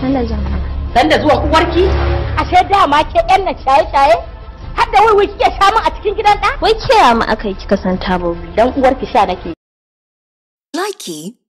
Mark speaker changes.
Speaker 1: Sanda jan zuwa uwarki? Ashe dama ke yan na shaye-shaye? Har da wai kike sha mu a cikin gidan ɗa? Wai ke ya mu aka yi kika san tabobi? Dan uwarki sha nake.
Speaker 2: Likey